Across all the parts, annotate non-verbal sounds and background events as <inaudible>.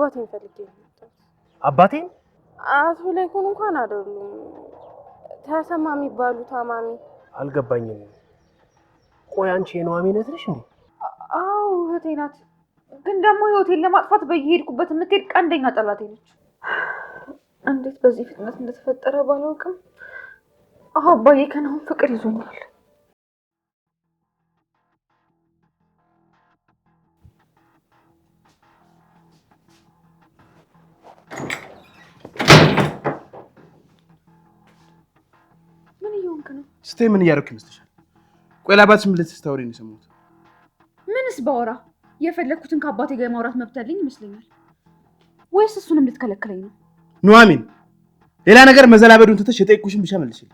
አባቴን ፈልጌ ነበር። አባቴን አቶ ላይኮን እንኳን አይደሉም። ተሰማ የሚባሉ ታማሚ። አልገባኝም። ቆይ አንቺ የነዋሚ ነት ነሽ እንዴ? አዎ እህቴ ናት። ግን ደግሞ ህይወቴን ለማጥፋት በየሄድኩበት የምትሄድ ቀንደኛ ጠላቴ ነች። እንዴት በዚህ ፍጥነት እንደተፈጠረ ባላውቅም አባዬ ከነሁን ፍቅር ይዞኛል። ስታይ ምን እያደረኩ ይመስልሻል? ቆይ ለአባትሽ ምን ልትስታወሪ ነው የሰማሁት? ምንስ ባወራ የፈለግኩትን ከአባቴ ጋር የማውራት መብት ያለኝ ይመስለኛል። ወይስ እሱንም ልትከለክለኝ ነው? ኑሐሚን፣ ሌላ ነገር መዘላበዱን ትተሽ የጠየቅኩሽን ብቻ መልሽልኝ።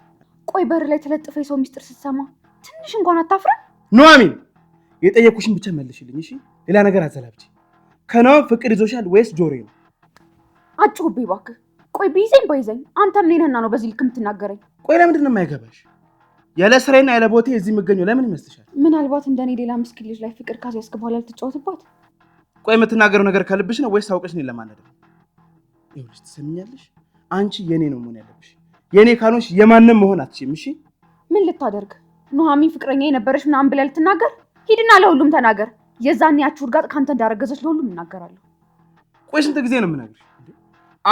ቆይ በር ላይ ተለጥፈ የሰው ሚስጥር ስትሰማ ትንሽ እንኳን አታፍረም? ኑሐሚን፣ የጠየቅኩሽን ብቻ መልሽልኝ እሺ? ሌላ ነገር አዘላብጂ። ከናው ፍቅር ይዞሻል ወይስ ጆሮ ነው? አጭሁብኝ እባክህ። ቆይ ቢይዘኝ ባይዘኝ አንተም እኔንና ነው በዚህ ልክ የምትናገረኝ? ቆይ ለምንድን ነው የማይገባሽ? ያለ ስራዬና ያለ ቦቴ እዚህ የምገኘው ለምን ይመስልሻል? ምናልባት እንደኔ ሌላ ምስኪን ልጅ ላይ ፍቅር ካስያዝክ በኋላ ልትጫወትባት። ቆይ የምትናገረው ነገር ከልብሽ ነው ወይስ አውቀሽ ነው? ለማናደር ይኸውልሽ፣ ትሰሚኛለሽ? አንቺ የኔ ነው መሆን ያለብሽ። የኔ ካልሆንሽ የማንም መሆን አትችይም። እሺ? ምን ልታደርግ ኑሐሚን ፍቅረኛ የነበረሽ ምናምን ብለህ ልትናገር? ሂድና ለሁሉም ተናገር። የዛን ያቺ ውድጋጥ ካንተ እንዳረገዘች ለሁሉም እናገራለሁ። ቆይ ስንት ጊዜ ነው የምናገርሽ?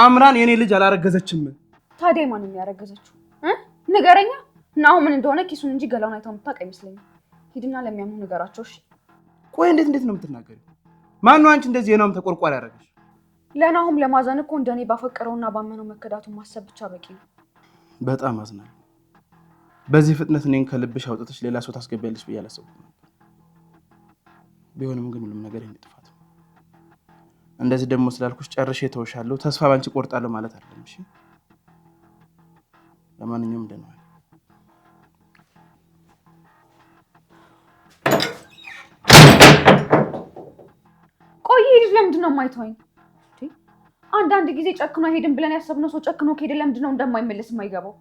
አምራን የኔ ልጅ አላረገዘችም። ታዲያ ማንም ያረገዘችው ንገረኛ እና አሁን ምን እንደሆነ ኪሱን እንጂ ገላውን አይተው የምታውቅ አይመስለኝም። ሂድና ለሚያምኑ ነገራቸው። እሺ ቆይ እንዴት እንዴት ነው የምትናገሪው? ማነው አንቺ እንደዚህ የናም ተቆርቋሪ ያደረገች? ለናሁም ለማዘን እኮ እንደኔ ባፈቀረውና ባመነው መከዳቱን ማሰብ ብቻ በቂ ነው። በጣም አዝናለሁ። በዚህ ፍጥነት እኔን ከልብሽ አውጥተሽ ሌላ ሰው ታስገቢያለሽ ብዬ አላሰብኩም። ቢሆንም ግን ሁሉም ነገር የእኔ ጥፋት ነው። እንደዚህ ደግሞ ስላልኩሽ ጨርሼ ተውሻለሁ፣ ተስፋ ባንቺ ቆርጣለሁ ማለት አይደለም። እሺ ለማንኛውም ደህና ልጅ ለምንድን ነው የማይተወኝ? አንዳንድ ጊዜ ጨክኖ አይሄድም ብለን ያሰብነው ሰው ጨክኖ ከሄደ ለምንድን ነው እንደማይመለስ የማይገባው?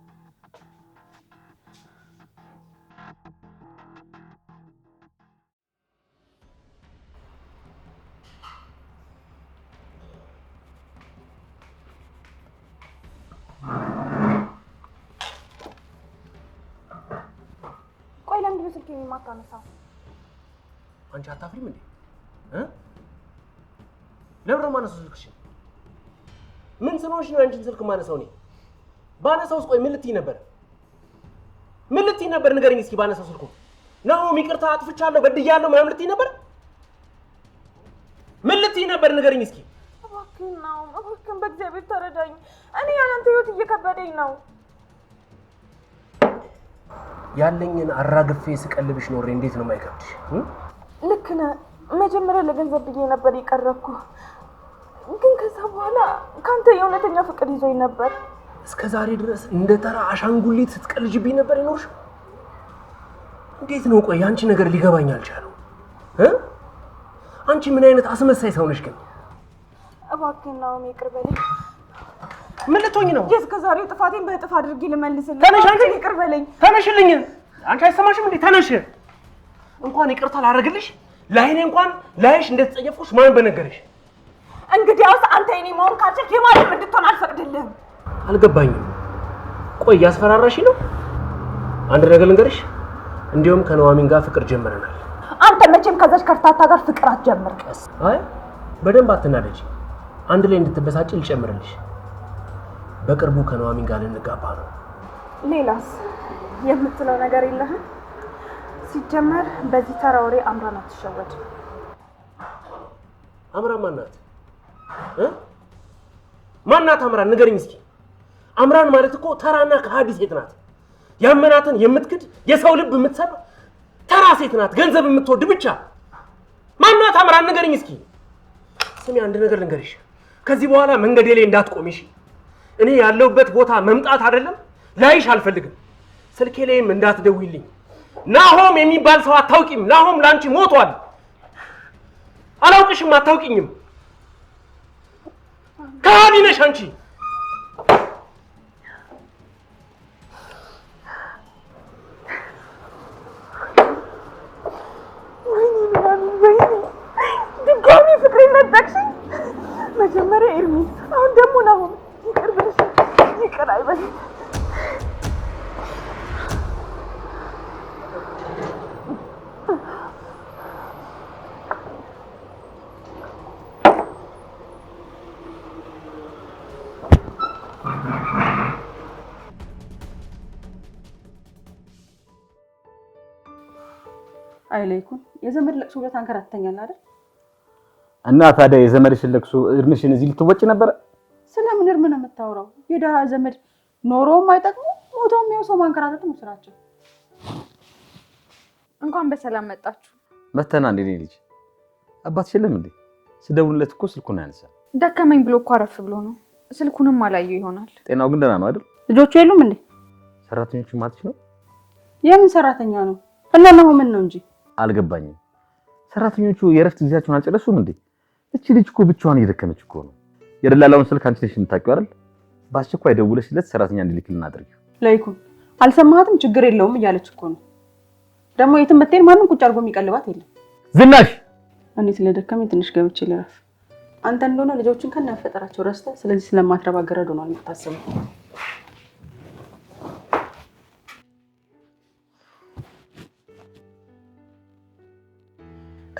ቆይ ለምንድን ነው ስልክ የማታነሳው? አንቺ አታፍሪም እንዴ? ለብሮ ማነሳው ስልክሽን? ምን ስለሆንሽ ነው ያንቺን ስልክ ማነሳው? እኔ ባነሳውስ፣ ቆይ ምን ልትይ ነበር? ምን ልትይ ነበር? ንገረኝ እስኪ። ባነሳው ስልኩ ነው ይቅርታ አጥፍቻለሁ፣ በድያለሁ ምናምን ልትይ ነበር? ምን ልትይ ነበር? ንገረኝ እስኪ። እባክህን ናሆም፣ እባክህን በእግዚአብሔር ተረዳኝ። እኔ ያላንተ ህይወት እየከበደኝ ነው። ያለኝን አራግፌ ስቀልብሽ ኖሬ እንዴት ነው የማይከብድሽ? ልክ ነህ። መጀመሪያ ለገንዘብ ብዬ ነበር የቀረብኩ ግን ከዛ በኋላ ከአንተ የእውነተኛ ፍቅር ይዞኝ ነበር። እስከ ዛሬ ድረስ እንደ ተራ አሻንጉሊት ስትቀልጅብኝ ነበር ይኖርሽ። እንዴት ነው ቆይ አንቺ ነገር ሊገባኝ አልቻለው። አንቺ ምን አይነት አስመሳይ ሰው ነሽ ግን? እባክህን አሁን ይቅር በለኝ። ምን ልትሆኝ ነው? እስከ ዛሬው ጥፋቴን በእጥፍ አድርጌ ልመልስልኝ። ተነሽ አንቺ፣ ይቅር በለኝ። ተነሽልኝ። አንቺ አይሰማሽም እንዴ? ተነሽ። እንኳን ይቅርታ ላደርግልሽ፣ ለአይኔ እንኳን ላይሽ እንደተጸየፍኩሽ ማን በነገረሽ? እንግዲያውስ አንተ የኔ መሆን ካልቻልክ የማንም እንድትሆን አልፈቅድልህም። አልገባኝም። ቆይ እያስፈራራሽ ነው? አንድ ነገር ልንገርሽ፣ እንዲሁም ከነዋሚን ጋር ፍቅር ጀምረናል። አንተ መቼም ከዛች ከርታታ ጋር ፍቅር አትጀምር። ቀስ አይ፣ በደንብ አትናደጂ። አንድ ላይ እንድትበሳጭ ልጨምርልሽ። በቅርቡ ከነዋሚን ጋር ልንጋባ ነው። ሌላስ የምትለው ነገር የለህም? ሲጀመር በዚህ ተራ ወሬ አምራን አትሸወድ። አምራማ ናት ማናት አምራን? ንገርኝ እስኪ። አምራን ማለት እኮ ተራና ከሃዲ ሴት ናት። ያመናትን የምትክድ የሰው ልብ የምትሰብ ተራ ሴት ናት። ገንዘብ የምትወድ ብቻ። ማናት አምራን? ንገርኝ እስኪ። ስሚ፣ አንድ ነገር ልንገርሽ። ከዚህ በኋላ መንገዴ ላይ እንዳትቆሚሽ። እኔ ያለሁበት ቦታ መምጣት አይደለም ላይሽ አልፈልግም። ስልኬ ላይም እንዳትደውይልኝ። ናሆም የሚባል ሰው አታውቂም። ናሆም ላንቺ ሞቷል። አላውቅሽም፣ አታውቂኝም። ከሃዲ ነሽ አንቺ። ድጋሚ ፍቅሬ ነጠቅሽኝ። መጀመሪያ ኤርሚ፣ አሁን ደግሞ ናሆም። ይቅር ብለሽ ይቅር አይበልም አይለይኩን የዘመድ ለቅሶ ብለህ ታንከራትተኛለህ አይደል? እና ታዲያ የዘመድሽን ለቅሶ እድሜሽን እዚህ ልትወጪ ነበረ? ስለምን እርም ነው የምታወራው? የድሃ ዘመድ ኖሮውም አይጠቅሙ ሞቶም ያው ሰው ማንከራተት ነው ስራቸው። እንኳን በሰላም መጣችሁ። መተና እንዴ ልጅ አባት የለም እንዴ? ስደውልለት እኮ ስልኩን አያነሳ። ደከመኝ ብሎ እኮ አረፍ ብሎ ነው። ስልኩንም አላየው ይሆናል። ጤናው ግን ደህና ነው አይደል? ልጆቹ የሉም እንዴ? ሰራተኞቹ ማለት ነው። የምን ሰራተኛ ነው? እና ነው ነው እንጂ አልገባኝም። ሰራተኞቹ የእረፍት ጊዜያቸውን አልጨረሱም እንዴ? እቺ ልጅ እኮ ብቻዋን እየደከመች እኮ ነው። የደላላውን ስልክ አንቺ ነሽ የምታውቂው አይደል? በአስቸኳይ ደውለሽለት ሰራተኛ እንዲልክልን አድርጊው። ለይኩን አልሰማሃትም? ችግር የለውም እያለች እኮ ነው። ደግሞ የትም ብትሄድ ማንም ቁጭ አድርጎ የሚቀልባት የለም። ዝናሽ፣ እኔ ስለደከመኝ ትንሽ ገብቼ ልረፍ። አንተ እንደሆነ ልጆችን ከነፈጠራቸው ረስተ፣ ስለዚህ ስለማትረባ ገረድ ሆኗል የምታስበው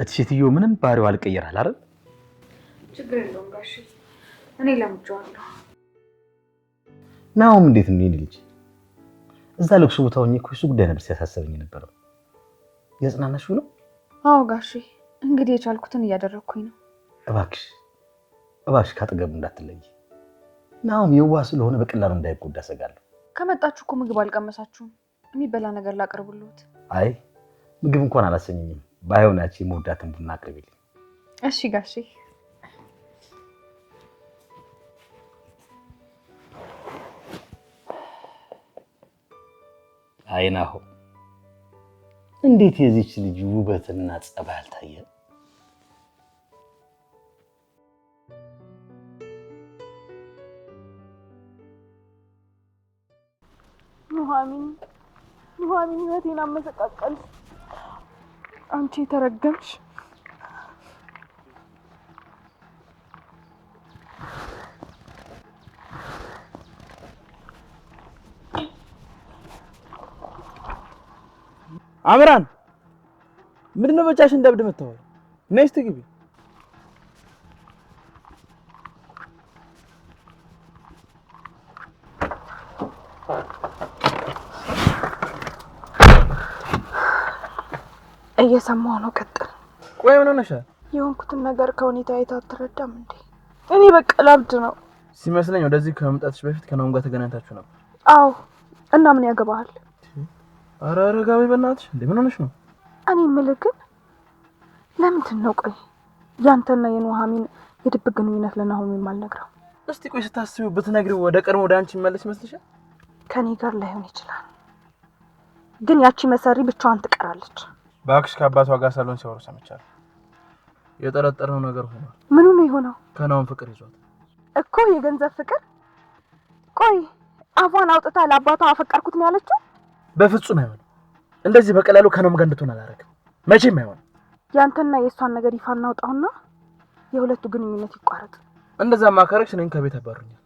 እቲ ምንም ባህሪዋ አልቀየራል አይደል? ችግር የለውም ጋሽ፣ እኔ ለምጄዋለሁ። ናሁም እንዴት ምን ልጅ እዛ ልብሱ ቦታ ሆኜ እኮ እሱ ጉዳይ ነበር ሲያሳሰበኝ የነበረው። ያጽናናሽ ነው? አዎ ጋሽ፣ እንግዲህ የቻልኩትን እያደረግኩኝ ነው። እባክሽ እባክሽ ካጠገቡ እንዳትለይ። ናሁም የዋ ስለሆነ በቀላሉ እንዳይጎዳ እሰጋለሁ። ከመጣችሁ እኮ ምግብ አልቀመሳችሁም። የሚበላ ነገር ላቅርብልዎት። አይ ምግብ እንኳን አላሰኘኝም ባይሆን ያቺ መወዳትን ቡና አቅርቢልኝ። እሺ ጋሼ። አይናሁ እንዴት የዚች ልጅ ውበትና ጸባይ አልታየም? ኑሐሚን ኑሐሚን፣ ህይወቴን አመሰቃቀል አንቺ የተረገምሽ አምራን ምንድነው በጫሽ እንደብድ ምትሆን ነይ እስቲ ግቢ እየሰማሁ ነው። ቀጥል። ቆይ ምን ሆነሻል? የሆንኩትን ነገር ከሁኔታ አይታ አትረዳም እንዴ? እኔ በቃ ላብድ ነው ሲመስለኝ። ወደዚህ ከመምጣትሽ በፊት ከናሁም ጋር ተገናኝታችሁ ነበር? አዎ። እና ምን ያገባሃል? አረ አረጋዊ በእናትሽ እንዴ! ምን ሆነሽ ነው? እኔ የምልህ ግን ለምንድን ነው ቆይ ያንተና የኑሐሚን የድብ ግንኙነት ለናሁም የማልነግረው? እስቲ ቆይ ስታስቢው ብትነግሪው ወደ ቀድሞ ወደ አንቺ ይመለስ ይመስልሻል? ከኔ ጋር ላይሆን ይችላል፣ ግን ያቺ መሰሪ ብቻዋን ትቀራለች። ባክሽ ከአባቷ ጋር ሳሎን ሲያወሩ ሰምቻለሁ። የጠረጠርነው ነገር ሆኗል። ምኑ ነው የሆነው? ከናውን ፍቅር ይዟት እኮ የገንዘብ ፍቅር። ቆይ አፏን አውጥታ ለአባቷ አፈቀርኩት ነው ያለችው? በፍጹም አይሆንም። እንደዚህ በቀላሉ ከናውም ጋር እንድትሆን አላደርግም። መቼም አይሆንም። ያንተና የእሷን ነገር ይፋ እናውጣውና የሁለቱ ግንኙነት ይቋረጥ። እንደዛማ ካረግሽ እኔን ከቤት አባሩኛል።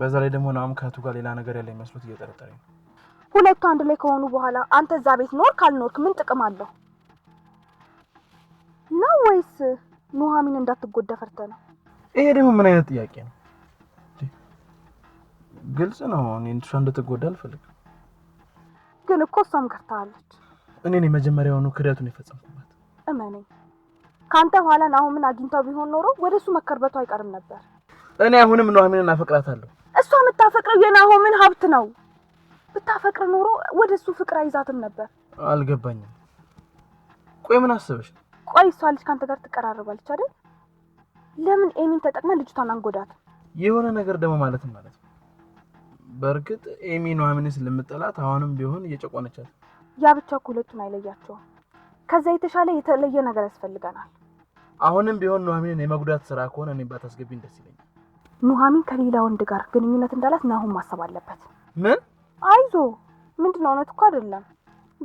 በዛ ላይ ደግሞ ናውም ከእህቱ ጋር ሌላ ነገር ያለ ይመስሉት እየጠረጠረኝ ነው ሁለቱ አንድ ላይ ከሆኑ በኋላ አንተ እዛ ቤት ኖርክ ምን ጥቅም አለው ነው? ወይስ ኑሐሚን እንዳትጎዳ ፈርተ ነው? ይሄ ደግሞ ምን አይነት ጥያቄ ነው? ግልጽ ነው። እኔ እሷ እንድትጎዳ አልፈልግም። ግን እኮ እሷም ከርታለች። እኔ ነኝ መጀመሪያውኑ ክዳቱን የፈጸምኩባት። እመነኝ፣ ከአንተ ኋላ ምን አግኝታው ቢሆን ኖሮ ወደ እሱ መከርበቱ አይቀርም ነበር። እኔ አሁንም ኑሐሚንን እናፈቅራታለሁ። እሷ የምታፈቅረው የናሆምን ሀብት ነው። ብታፈቅር ኖሮ ወደ እሱ ፍቅር አይዛትም ነበር። አልገባኝም። ቆይ ምን አስበሽ? ቆይ እሷ ልጅ ከአንተ ጋር ትቀራርባለች አይደል? ለምን ኤሚን ተጠቅመን ልጅቷን አንጎዳት? የሆነ ነገር ደግሞ ማለት ማለት ነው። በእርግጥ ኤሚ ኑሐሚንን ስለምጠላት አሁንም ቢሆን እየጨቆነቻት፣ ያ ብቻ ሁለቱን አይለያቸውም። ከዛ የተሻለ የተለየ ነገር ያስፈልገናል። አሁንም ቢሆን ኑሐሚንን የመጉዳት ስራ ከሆነ እኔ ባታስገቢኝ ደስ ይለኛል። ኑሐሚን ከሌላ ወንድ ጋር ግንኙነት እንዳላት ናሁን ማሰብ አለበት። ምን አይዞ ምንድን ነው እውነት እኮ አይደለም።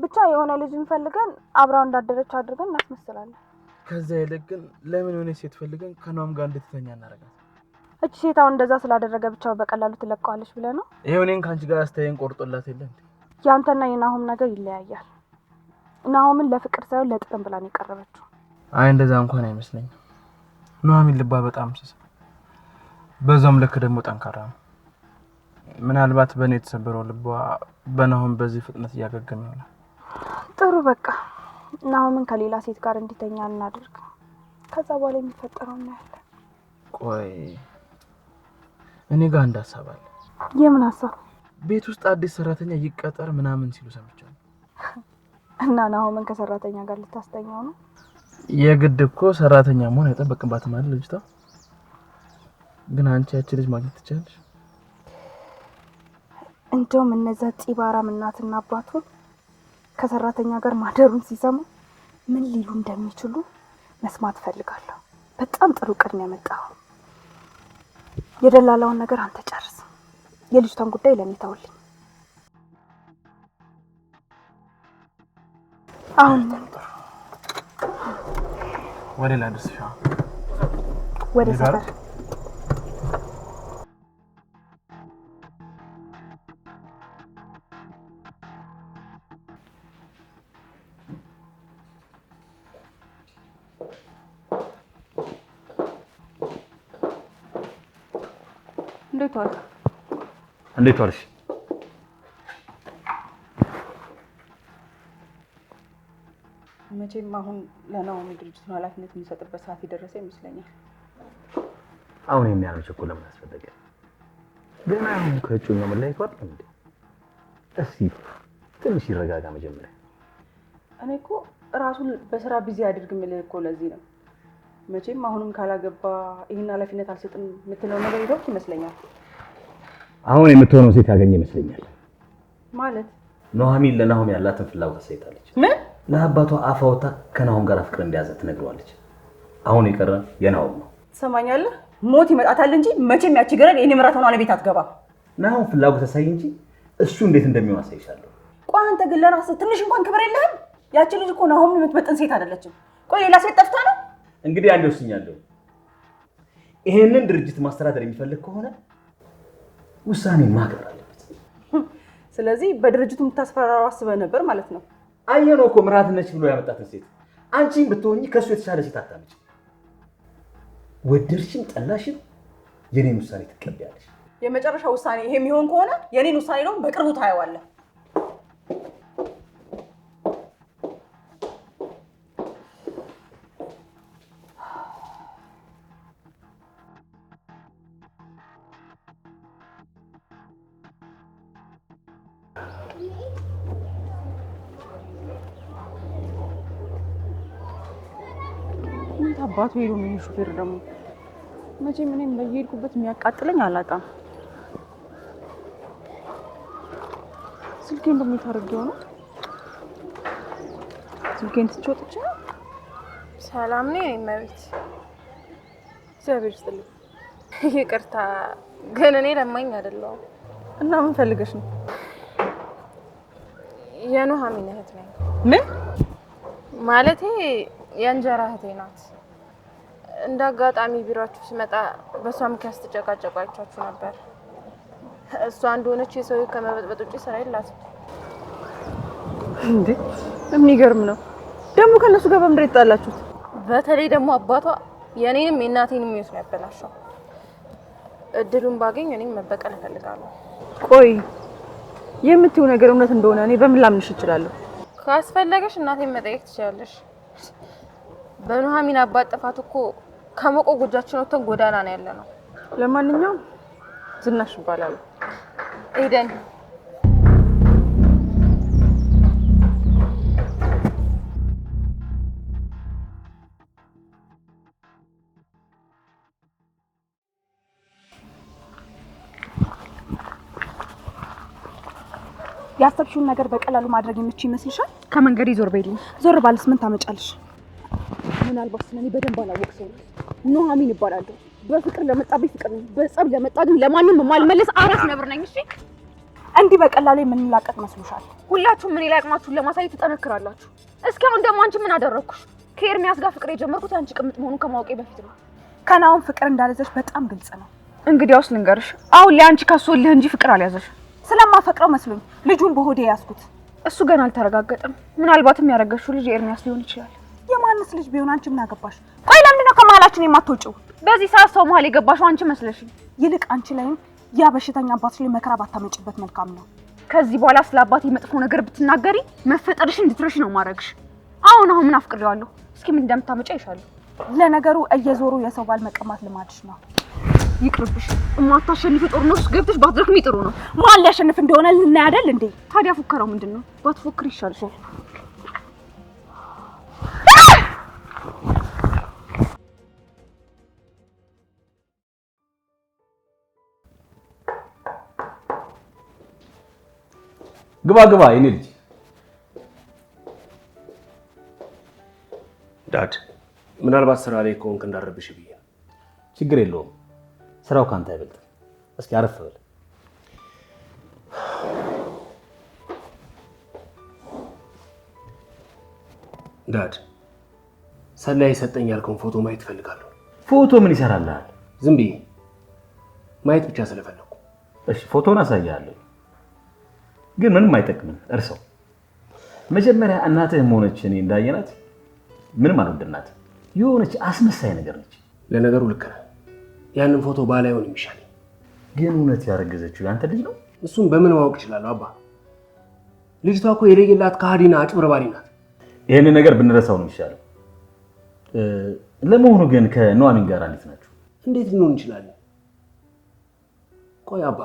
ብቻ የሆነ ልጅ ፈልገን አብራው እንዳደረች አድርገን እናስመስላለን። ከዛ ይልቅ ግን ለምን የሆነ ሴት ፈልገን ከናም ጋር እንድትተኛ እናደርጋለን። እቺ ሴት አሁን እንደዛ ስላደረገ ብቻው በቀላሉ ትለቀዋለች ብለህ ነው? ይሄው እኔን ከአንቺ ጋር አስተያየን ቆርጦላት የለ ያንተና የናሆም ነገር ይለያያል። ናሆምን ለፍቅር ሳይሆን ለጥቅም ብላን የቀረበችው። አይ እንደዛ እንኳን አይመስለኝም። ኑሐሚን ልባ በጣም ስስ፣ በዛም ልክ ደግሞ ጠንካራ ነው። ምናልባት በእኔ የተሰበረው ልቧ በናሆም በዚህ ፍጥነት እያገገመ ይሆናል። ጥሩ በቃ ናሆምን ከሌላ ሴት ጋር እንዲተኛ እናድርግ። ከዛ በኋላ የሚፈጠረው እናያለን። ቆይ እኔ ጋር አንድ ሀሳብ አለ። የምን ሀሳብ? ቤት ውስጥ አዲስ ሰራተኛ ይቀጠር ምናምን ሲሉ ሰምቻለሁ። <laughs> እና ናሆምን ከሰራተኛ ጋር ልታስተኛው ነው? የግድ እኮ ሰራተኛ መሆን አይጠበቅባትም አይደል? ልጅቷ ግን አንቺ ያቺ ልጅ ማግኘት ትችላለሽ። እንደውም እነዛ ጢባራም እናትና አባቱ ከሰራተኛ ጋር ማደሩን ሲሰሙ ምን ሊሉ እንደሚችሉ መስማት ፈልጋለሁ። በጣም ጥሩ ቅድም ያመጣው የደላላውን ነገር አንተ ጨርስ። የልጅቷን ጉዳይ ለኔ ተውልኝ። አሁን ወደ ላድርስ ወደ ሰፈር እንዴት ዋልሽ? መቼም አሁን ለናኦሚ ድርጅቱን ኃላፊነት የሚሰጥበት ሰዓት የደረሰ ይመስለኛል። አሁን የሚያነው ቸኮል ለምን አስፈለገ? ገና አሁን ከእጩኛው መለያየቱ አይደለም እንዴ? እስኪ ትንሽ ይረጋጋ መጀመሪያ። እኔ እኮ ራሱን በስራ ቢዚ አድርግ የምልህ እኮ ለዚህ ነው። መቼም አሁንም ካላገባ ይህን ኃላፊነት አልሰጥም የምትለው ነገር ይደርስ ይመስለኛል። አሁን የምትሆነው ሴት ያገኘ ይመስለኛል። ማለት ኑሐሚን ለናሆም ያላትን ፍላጎት ሳይታለች ምን ለአባቷ አፋውታ ከናሆም ጋር ፍቅር እንደያዘ ትነግረዋለች። አሁን የቀረ የናሆም ነው። ትሰማኛለህ? ሞት ይመጣታል እንጂ መቼም ያቺ የኔ ምራት ሆና ቤት አትገባም። ናሆም ፍላጎት አሳይ እንጂ እሱ እንዴት እንደሚሆን አሳይሻለሁ። ቆይ አንተ ግን ለራስህ ትንሽ እንኳን ክብር የለህም። ያቺ ልጅ እኮ ናሆም የምትመጥን ሴት አይደለችም። ቆይ ሌላ ሴት ጠፍታ ነው እንግዲህ አንድ ወስኛለሁ። ይሄንን ድርጅት ማስተዳደር የሚፈልግ ከሆነ ውሳኔ ማክበር አለበት። ስለዚህ በድርጅቱ የምታስፈራራው አስበህ ነበር ማለት ነው። አየነው እኮ ምራት ነች ብሎ ያመጣትን ሴት አንቺም ብትሆኚ ከእሱ የተሻለ ሴት አታመጭ። ወደድሽም ጠላሽም የኔን ውሳኔ ትቀበያለሽ። የመጨረሻ ውሳኔ ይሄ የሚሆን ከሆነ የኔን ውሳኔ ደግሞ በቅርቡ ታየዋለህ። አባቱ ሄዶ ነው። ሹፌር ደግሞ መቼም እኔም በየሄድኩበት የሚያቃጥለኝ አላጣም። ስልኬን በሚታርግ የሆነ ስልኬን ትቼ ወጥቼ ሰላም ነው የኔ መቤት፣ እግዚአብሔር ይስጥልኝ። ይቅርታ ግን እኔ ለማኝ አይደለሁም። እና ምን ፈልገሽ ነው? የኑሃሚን እህት ነኝ። ምን ማለቴ የእንጀራ እህቴ ናት። እንደ አጋጣሚ ቢሯችሁ ስመጣ በእሷ ምክንያት ስትጨቃጨቁ ነበር። እሷ እንደሆነች የሰው ከመበጥበጥ ውጭ ስራ የላት እንዴ የሚገርም ነው። ደግሞ ከእነሱ ጋር በምድር የተጣላችሁት? በተለይ ደግሞ አባቷ የእኔንም የእናቴን ሕይወት ነው ያበላሸው። እድሉን ባገኝ እኔም መበቀል እፈልጋለሁ። ቆይ የምትይው ነገር እውነት እንደሆነ እኔ በምን ላምንሽ እችላለሁ? ካስፈለገሽ እናቴን መጠየቅ ትችላለሽ። በኑሐሚን አባት ጥፋት እኮ ከሞቆ ጎጃችን ወጥተን ጎዳና ነው ያለ ነው። ለማንኛውም ዝናሽ ይባላል። ኤደን ያሰብሽውን ነገር በቀላሉ ማድረግ የምችል ይመስልሻል? ከመንገዴ ዞር በይልኝ። ዞር ባልስ ምን ታመጫለሽ? ምናልባት ስለኔ በደንብ አላወቅ ሰው ኑሐሚን እባላለሁ። በፍቅር ለመጣብኝ ፍቅር ነው፣ በጸብ ለመጣ ግን ለማንም የማልመለስ አራስ ነብር ነኝ። እሺ እንዲህ በቀላሉ የምንላቀቅ መስሎሻል? ሁላችሁም እኔ ላይ አቅማችሁን ለማሳየት ትጠነክራላችሁ። እስኪ አሁን ደግሞ አንቺ ምን አደረግኩሽ? ከኤርሚያስ ጋር ፍቅር የጀመርኩት አንቺ ቅምጥ መሆኑን ከማወቄ በፊት ነው። ከናውን ፍቅር እንዳለዘች በጣም ግልጽ ነው። እንግዲያውስ ልንገርሽ፣ አሁን ለአንቺ አንቺ ከሶልህ እንጂ ፍቅር አልያዘሽ። ስለማፈቅረው መስሎኝ ልጁን በሆዴ ያዝኩት። እሱ ገና አልተረጋገጠም። ምናልባትም ያረገሽው ልጅ ኤርሚያስ ሊሆን ይችላል። የማንስ ልጅ ቢሆን አንቺ ምን አገባሽ? ቆይ ለምንድን ነው ከመሀላችን የማትወጪው? በዚህ ሰዓት ሰው መሀል የገባሽው አንቺ መስለሽ። ይልቅ አንቺ ላይም ያ በሽተኛ አባትሽ ላይ መከራ ባታመጭበት መልካም ነው። ከዚህ በኋላ ስለ አባቴ መጥፎ ነገር ብትናገሪ መፈጠርሽ እንድትረሽ ነው ማድረግሽ። አሁን አሁን ምን አፍቅሬዋለሁ። እስኪ ምን እንደምታመጪ አይሻለሁ። ለነገሩ እየዞሩ የሰው ባል መቀማት ልማድሽ ነው። ይቅርብሽ። እማታሸንፊ ጦርነት ውስጥ ገብተሽ ባትረክሚ ጥሩ ነው። ማን ሊያሸንፍ እንደሆነ ልናይ አይደል እንዴ? ታዲያ ፉከራው ምንድን ነው? ባትፎክር ይሻልሻል። ግባ ግባ የኔ ልጅ። ዳድ ምናልባት ስራ ላይ ከሆንክ እንዳረብሽ ብዬ። ችግር የለውም ስራው ካንተ አይበልጥም። እስኪ አረፍ በል። ዳድ ሰላይ ሰጠኝ ያልከውን ፎቶ ማየት እፈልጋለሁ። ፎቶ ምን ይሰራልሃል? ዝም ብዬ ማየት ብቻ ስለፈለኩ። እሺ ፎቶን አሳያለሁ። ግን ምንም አይጠቅምም። እርሰው መጀመሪያ እናትህም ሆነች እኔ እንዳየናት ምንም አልወደድናት። የሆነች አስመሳይ ነገር ነች። ለነገሩ ልክ ነህ። ያንን ፎቶ ባላ ይሆን የሚሻል። ግን እውነት ያረገዘችው ያንተ ልጅ ነው? እሱን በምን ማወቅ እችላለሁ አባ? ልጅቷ እኮ የለየላት ከሃዲና አጭበርባሪ ናት። ይህንን ነገር ብንረሳው ነው የሚሻለው። ለመሆኑ ግን ከኑሐሚን ጋር እንዴት ናችሁ? እንዴት ልንሆን እንችላለን? ቆይ አባ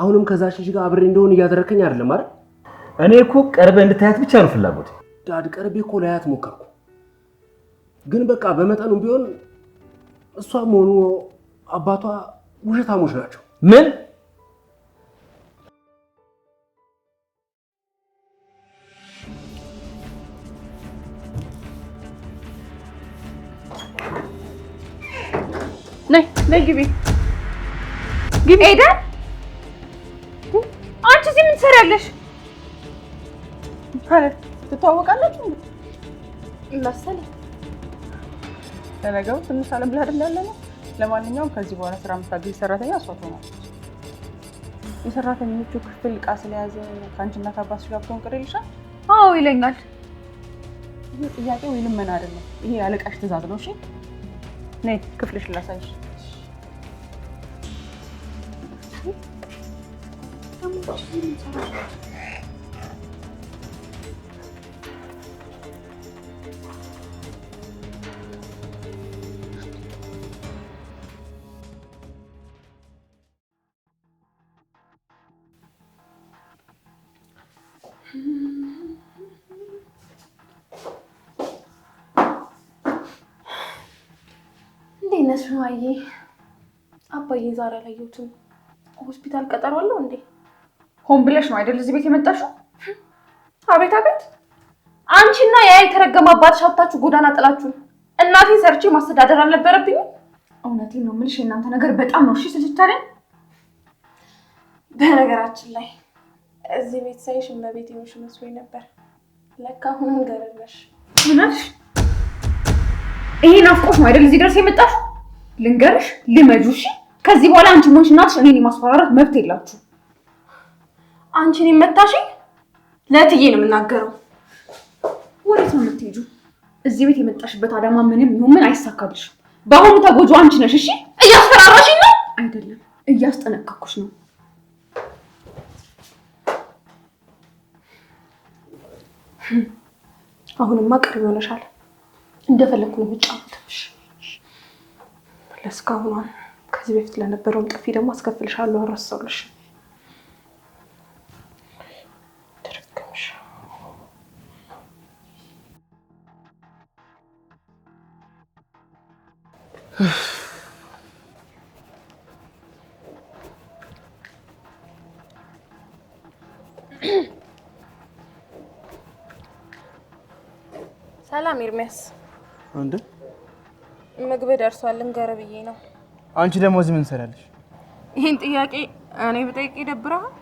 አሁንም ከዛ ሽሽ ጋር አብሬ እንደሆን እያደረከኝ አይደለም አይደል? እኔ እኮ ቀርበ እንድታያት ብቻ ነው ፍላጎት። ዳድ ቀርቤ እኮ ላያት ሞከርኩ፣ ግን በቃ በመጠኑም ቢሆን እሷም ሆኑ አባቷ ውሸታሞች ናቸው። ምን ነይ ነይ ግቢ ግቢ ሄደን አንቺ እዚህ ምን ትሰሪያለሽ? ማለት ትተዋወቃላችሁ መሰለኝ። ለነገሩ ትንሽ አለም ብላ አይደል ያለ ነው። ለማንኛውም ከዚህ በኋላ ስራ የምታገኝ ሰራተኛ እሷ ትሆናለች። የሰራተኞቹ ክፍል እቃ ስለያዘ ከአንቺና ከአባትሽ ጋር ብትሆን ቅር ይልሻል? አዎ ይለኛል። ይህ ጥያቄ ወይ ልመና አይደለም፣ ይሄ አለቃሽ ትእዛዝ ነው። እሺ ነይ ክፍልሽ ላሳይሽ። እንዴት ነሽ ማዬ? አባዬ ዛሬ አላየሁትም። ሆስፒታል ቀጠሮ አለው እንዴ? ሆን ብለሽ ነው አይደል እዚህ ቤት የመጣሽው? አቤት አቤት! አንቺና ያ የተረገመ አባትሽ አውጥታችሁ ጎዳና ጥላችሁ እናቴን ሰርቼ ማስተዳደር አልነበረብኝም? እውነቴን ነው የምልሽ የእናንተ ነገር በጣም ነው እሺ ስልችታለኝ። በነገራችን ላይ እዚህ ቤት ሳይሽ እመቤት የሚሽ መስሎኝ ነበር። ለካ አሁንም ገረድ ምናሽ ምን አልሽ? ይሄ ናፍቆሽ ነው አይደል እዚህ ድረስ የመጣሽው? ልንገርሽ ልመጁ። ልመጁሽ። ከዚህ በኋላ አንቺ ሆንሽ እናትሽ እኔን የማስፈራራት መብት የላችሁ አንቺን የመታሽኝ ለትዬ ነው የምናገረው። ወዴት ነው የምትሄጁ? እዚህ ቤት የመጣሽበት አላማ ምንም ይሁን ምን አይሳካልሽም። በአሁኑ ተጎጂው አንቺ ነሽ። እሺ፣ እያስፈራራሽኝ ነው አይደለም፣ እያስጠነቀኩሽ ነው። አሁንማ ቅርብ ይሆነሻል። እንደፈለግኩ ነው የምጫወትብሽ። ለእስካሁኗን ከዚህ በፊት ለነበረውም ጥፊ ደግሞ አስከፍልሻለሁ። አልረሳሁልሽም ሰላም ኤርሚያስ፣ እንደ ምግብ ደርሷልን ገረ ብዬ ነው። አንቺ ደግሞ እዚህ ምን ትሰሪያለሽ? ይህን ጥያቄ እኔ ብጠይቅ ይደብረሃል?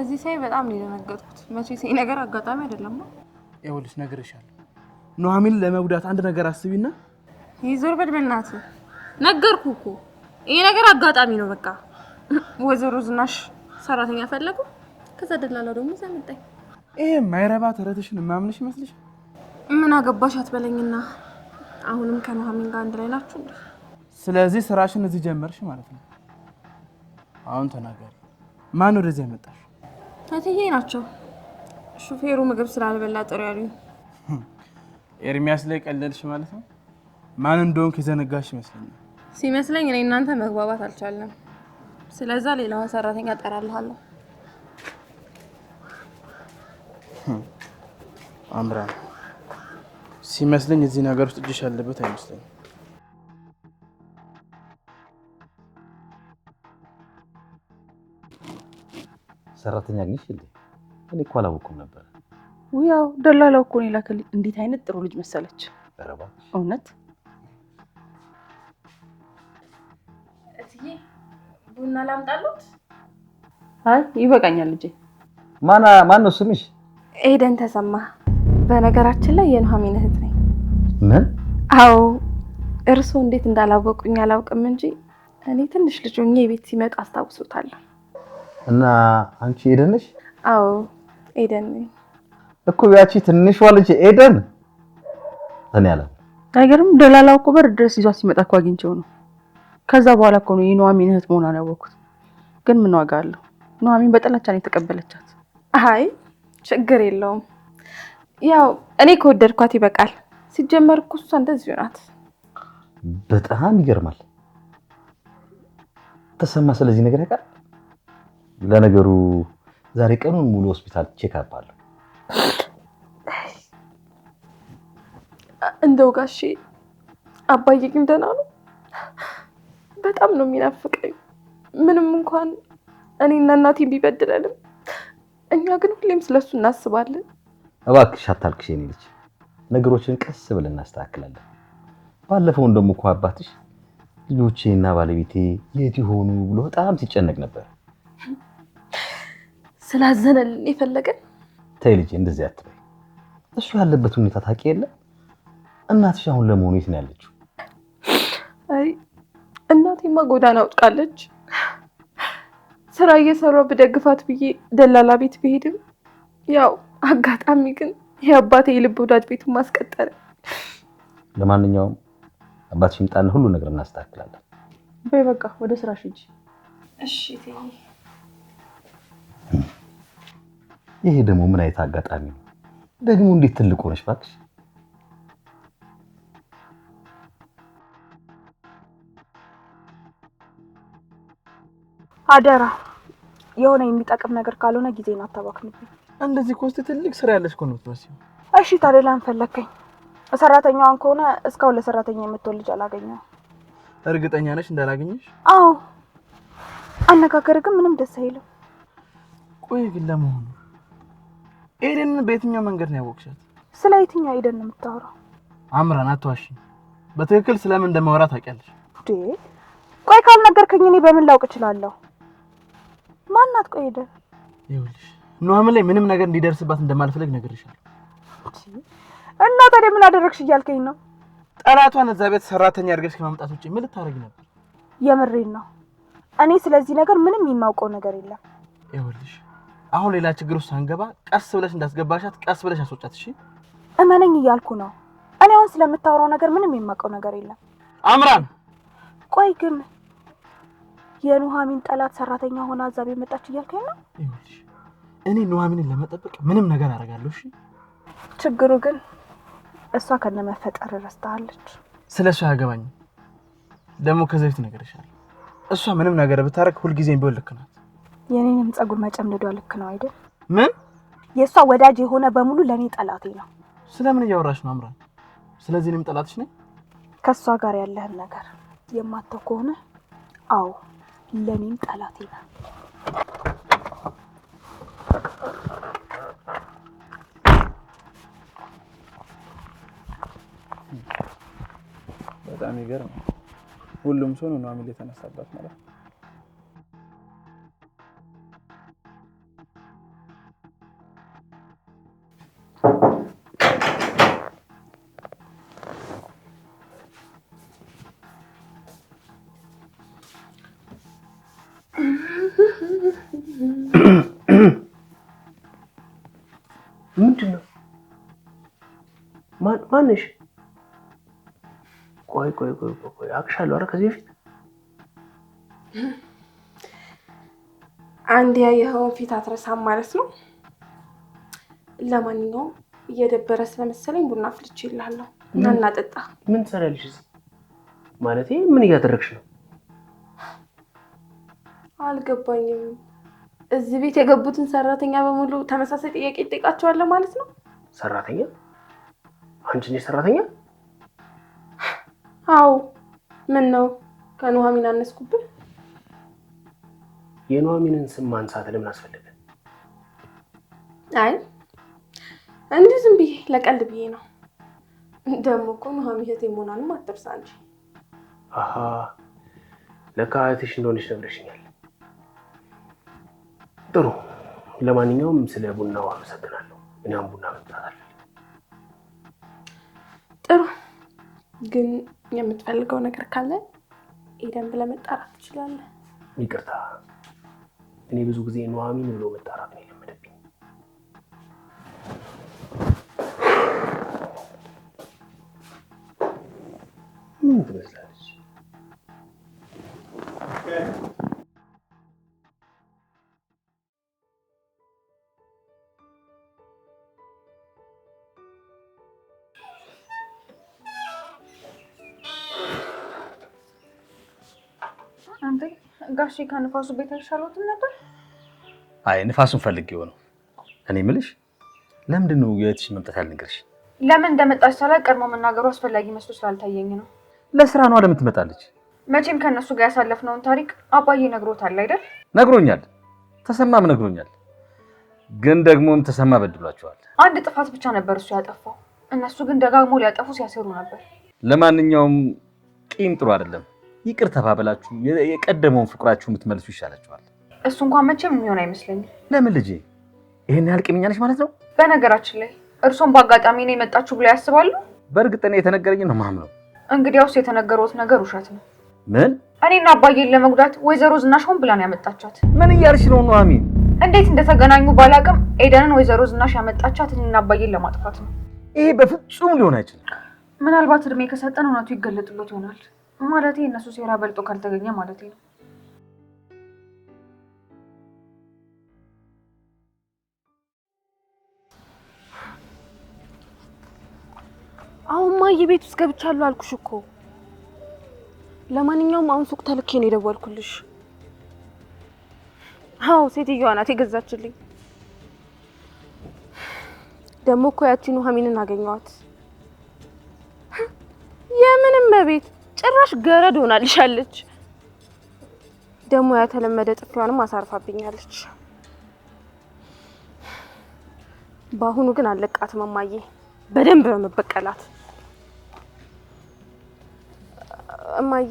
እዚህ ሳይ በጣም ነው የደነገጥኩት። መቼ ሳይ ነገር አጋጣሚ አይደለም። ይኸውልሽ፣ ነግሬሻለሁ ኑሐሚን ለመጉዳት አንድ ነገር አስቢና ይዞር በል በእናትህ ነገርኩ እኮ ይሄ ነገር አጋጣሚ ነው። በቃ ወይዘሮ ዝናሽ ሰራተኛ ፈለጉ። ከዛ ደላላው ደግሞ እዛ ይሄ ማይረባ ተረትሽን ማምንሽ ይመስልሽ? ምን አገባሽ አትበለኝና አሁንም ከኑሐሚን ጋር አንድ ላይ ናችሁ እንዴ? ስለዚህ ስራሽን እዚህ ጀመርሽ ማለት ነው። አሁን ተናገሪ፣ ማን ወደዚህ ያመጣሽ? እትዬ ናቸው። ሹፌሩ ምግብ ስላልበላ ጥሩ ያሉኝ። ኤርሚያስ ላይ ቀለልሽ ማለት ነው። ማን እንደሆንክ የዘነጋሽ ይመስለኛል። ሲመስለኝ እኔ እናንተ መግባባት አልቻለም። ስለዛ ሌላውን ሰራተኛ ጠራልሃለሁ። አምራ ሲመስለኝ እዚህ ነገር ውስጥ እጅሽ ያለበት አይመስለኝም። ሰራተኛ አግኝሽ እንዴ? እኔ እኮ አላወኩም ነበር። ያው ደላላው እኮ እኔ እንዴት አይነት ጥሩ ልጅ መሰለች! እውነት ቡና ላምጣሉት? አይ ይበቃኛል ልጄ። ማን ማን ነው ስምሽ? ኤደን ተሰማ። በነገራችን ላይ የኑሐሚን እህት ነኝ። ምን? አዎ እርስዎ እንዴት እንዳላወቁኝ አላውቅም እንጂ እኔ ትንሽ ልጅ ሆኜ ቤት ሲመጣ አስታውሶታለሁ። እና አንቺ ኤደን ነሽ? አዎ ኤደን ነኝ እኮ ያቺ ትንሿ ልጅ ኤደን። እኔ አላውቅም። አይገርም። ደላላው እኮ በር ድረስ ይዟት ሲመጣ እኮ አግኝቼው ነው ከዛ በኋላ እኮ ነው የኑሐሚን እህት መሆኗን ያወቅኩት። ግን ምን ዋጋ አለው? ኑሐሚን በጥላቻ ነው የተቀበለቻት። አይ ችግር የለውም። ያው እኔ ከወደድኳት ይበቃል። ሲጀመር እኮ እሷ እንደዚሁ ናት። በጣም ይገርማል። ተሰማ ስለዚህ ነገር ያውቃል። ለነገሩ ዛሬ ቀኑን ሙሉ ሆስፒታል ቼክ አፕ አለው። እንደው ጋሼ አባዬ ግን ደህና ነው? በጣም ነው የሚናፍቀኝ። ምንም እንኳን እኔና እናቴን ቢበድለንም እኛ ግን ሁሌም ስለሱ እናስባለን። እባክሽ አታልቅሽ የኔ ልጅ፣ ነገሮችን ቀስ ብለን እናስተካክላለን። ባለፈው ደግሞ እኮ አባትሽ ልጆቼና ባለቤቴ የት ይሆኑ ብሎ በጣም ሲጨነቅ ነበር። ስላዘነልን የፈለገን። ተይ ልጅ እንደዚህ አትበይ። እሱ ያለበት ሁኔታ ታውቂ የለ እናትሽ አሁን ለመሆኑ የት ነው ያለችው? እኔማ ጎዳና አውጥቃለች። ስራ እየሰራሁ ብደግፋት ብዬ ደላላ ቤት ብሄድም ያው አጋጣሚ ግን የአባቴ የልብ ወዳጅ ቤት ማስቀጠለ። ለማንኛውም አባት ሽንጣን ሁሉ ነገር እናስተካክላለን። በይ በቃ ወደ ስራሽ ሂጂ። እሺ። ይሄ ደግሞ ምን አይነት አጋጣሚ ነው ደግሞ! እንዴት ትልቅ ሆነሽ ባክሽ! አደራ የሆነ የሚጠቅም ነገር ካልሆነ ጊዜን አታባክንብኝ። እንደዚህ ኮስት ትልቅ ስራ ያለች ኮ ነው የምትመስለው። እሺ ታዲያ ለምን ፈለግከኝ? ሰራተኛዋን ከሆነ እስካሁን ለሰራተኛ የምትሆን ልጅ አላገኘሁም። እርግጠኛ ነሽ እንዳላገኘሽ? አዎ። አነጋገር ግን ምንም ደስ አይልም። ቆይ ግን ለመሆኑ ኤደንን በየትኛው መንገድ ነው ያወቅሻት? ስለ የትኛው ኤደን ነው የምታወራው? አምራን አትዋሽ። በትክክል ስለምን እንደማወራ ታውቂያለሽ? ቆይ ካልነገርከኝ እኔ በምን ላውቅ እችላለሁ? ማናት? ቆይ ሄደ ይኸውልሽ፣ ኑሐሚን ላይ ምንም ነገር እንዲደርስባት እንደማልፈልግ ነግሬሻለሁ። እና ታዲያ ምን አደረግሽ እያልከኝ ነው? ጠላቷን እዛ ቤት ሰራተኛ አድርገሽ ከማምጣት ውጭ ምን ልታደርጊ ነበር? የምሬን ነው። እኔ ስለዚህ ነገር ምንም የማውቀው ነገር የለም። ይኸውልሽ፣ አሁን ሌላ ችግር ውስጥ አንገባ። ቀስ ብለሽ እንዳስገባሻት ቀስ ብለሽ አስወጫት። እሺ፣ እመነኝ እያልኩ ነው። እኔ አሁን ስለምታወራው ነገር ምንም የማውቀው ነገር የለም። አምራን፣ ቆይ ግን የኑሐሚን ጠላት ሰራተኛ ሆና አዛብ የመጣች እያልከኝ ነው? እኔ ኑሐሚንን ለመጠበቅ ምንም ነገር አደርጋለሁ። እሺ ችግሩ ግን እሷ ከነመፈጠር ረስታለች። ስለ እሷ ያገባኝ ደግሞ ከዚህ በፊት ነገር ይሻል። እሷ ምንም ነገር ብታረግ ሁልጊዜም ቢሆን ልክ ናት። የኔንም ጸጉር መጨምደዷ ልክ ነው አይደል? ምን የእሷ ወዳጅ የሆነ በሙሉ ለእኔ ጠላቴ ነው። ስለምን እያወራሽ ነው አምራን? ስለዚህ እኔም ጠላትሽ ነኝ? ከእሷ ጋር ያለህን ነገር የማተው ከሆነ አዎ ለኔም ጠላቴ ነው። በጣም ይገርም። ሁሉም ሰው ነው ኑሐሚን የተነሳባት ማለት ነው። ማነሽ? ቆይ ቆይ ቆይ ቆይ አቅሻለሁ። ኧረ ከዚህ በፊት አንድ ያየኸውን ፊት አትረሳም ማለት ነው። ለማንኛውም እየደበረ ስለመሰለኝ ቡና አፍልቼ እልሃለሁ እና እናጠጣ። ምን ትሰሪያለሽ እዚህ? ማለቴ ምን እያደረግሽ ነው? አልገባኝም። እዚህ ቤት የገቡትን ሰራተኛ በሙሉ ተመሳሳይ ጥያቄ ይጠይቃቸዋለሁ ማለት ነው። ሰራተኛ አንቺ ነሽ ሰራተኛ? አዎ። ምን ነው ከኑሐሚን አነስኩብን? የኑሐሚንን ስም ማንሳት ለምን አስፈለገ? አይ እንዲህ ዝም ብዬ ለቀልድ ብዬ ነው። ደግሞ እኮ ኑሐሚን እህቴ መሆኗንም አትርሳ እንጂ። አሀ ለካ እህትሽ እንደሆነች ነግረሽኛል። ጥሩ። ለማንኛውም ስለ ቡናው አመሰግናለሁ። እኛም ቡና መጣታል ጥሩ ግን የምትፈልገው ነገር ካለ ኤደን ብለህ መጣራት ትችላለህ። ይቅርታ እኔ ብዙ ጊዜ ኑሐሚን ብሎ መጣራት ነው የለመደብኝ። ምን ትመስላል? ጋሼ ከንፋሱ ቤት አይሻሎትም ነበር? አይ ንፋሱን ፈልጌው ነው። እኔ ምልሽ ለምንድን ነው የትሽ መምጣት ያልነገርሽ? ለምን እንደመጣች ሳላቅ ቀድሞ መናገሩ አስፈላጊ መስሎ ስላልታየኝ ነው። ለስራ ነው ለምን ትመጣለች? መቼም ከእነሱ ጋር ያሳለፍነውን ታሪክ አባዬ ነግሮታል አይደል? ነግሮኛል፣ ተሰማም ነግሮኛል። ግን ደግሞም ተሰማ በድሏቸዋል። አንድ ጥፋት ብቻ ነበር እሱ ያጠፋው፣ እነሱ ግን ደጋግሞ ሊያጠፉ ሲያሰሩ ነበር። ለማንኛውም ቂም ጥሩ አይደለም። ይቅር ተባብላችሁ የቀደመውን ፍቅራችሁ የምትመልሱ ይሻላችኋል። እሱ እንኳን መቼም የሚሆን አይመስለኝም። ለምን ልጄ ይህን ያህል ቂመኛ ማለት ነው? በነገራችን ላይ እርሶም በአጋጣሚ ነው የመጣችሁ ብላ ያስባሉ? በእርግጥ እኔ የተነገረኝ ነው ማምነው። እንግዲያውስ የተነገሩት ነገር ውሸት ነው። ምን? እኔና አባዬን ለመጉዳት ወይዘሮ ዝናሽ ሆን ብላ ነው ያመጣቻት። ምን እያልሽ ነው ኑሐሚን? እንዴት እንደተገናኙ ባላቅም ኤደንን ወይዘሮ ዝናሽ ያመጣቻት እኔና አባዬን ለማጥፋት ነው። ይሄ በፍጹም ሊሆን አይችልም። ምናልባት እድሜ ከሰጠን እውነቱ ይገለጥበት ይሆናል። ማለት እነሱ ሴራ በልጦ ካልተገኘ ማለት ነው። አሁንማ የቤት ውስጥ ገብቻለሁ አልኩሽ እኮ። ለማንኛውም አሁን ሱቅ ተልኬ ነው የደወልኩልሽ። አዎ ሴትዮዋ ናት የገዛችልኝ። ደግሞ እኮ ያቺኑ ኑሐሚንን አገኘዋት። የምንም በቤት ጭራሽ ገረድ ሆናልሻለች። ደግሞ ያተለመደ ጥፊዋንም አሳርፋብኛለች። በአሁኑ ግን አለቃት መማዬ፣ በደንብ በመበቀላት እማዬ።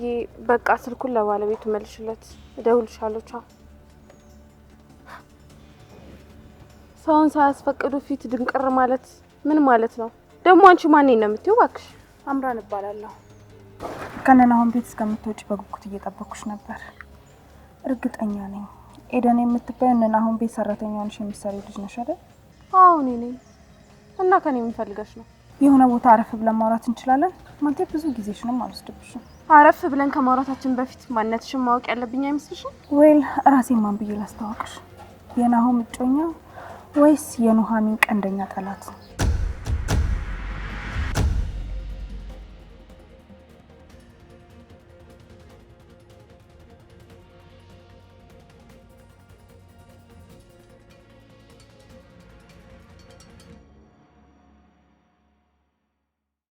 በቃ ስልኩን ለባለቤቱ መልሽለት፣ እደውልልሻለሁ። ቻው። ሰውን ሳያስፈቅዱ ፊት ድንቅር ማለት ምን ማለት ነው? ደግሞ አንቺ ማን ነው የምትይው? እባክሽ አምራን እባላለሁ። ከነን አሁን ቤት እስከምትወጪ በጉጉት እየጠበኩሽ ነበር። እርግጠኛ ነኝ ኤደን የምትባዩ ነን አሁን ቤት ሰራተኛ ሆንሽ የምትሰሪው ልጅ ነሽ አይደል? አዎ እኔ ነኝ። እና ከኔ የምፈልገሽ ነው? የሆነ ቦታ አረፍ ብለን ማውራት እንችላለን? ማለቴ ብዙ ጊዜሽንም አልወስድብሽም። አረፍ ብለን ከማውራታችን በፊት ማንነትሽን ማወቅ ያለብኝ አይመስልሽም? ወይል ራሴን ማን ብዬ ላስተዋወቅሽ? የናሆም እጮኛ ወይስ የኑሐሚን ቀንደኛ ጠላት?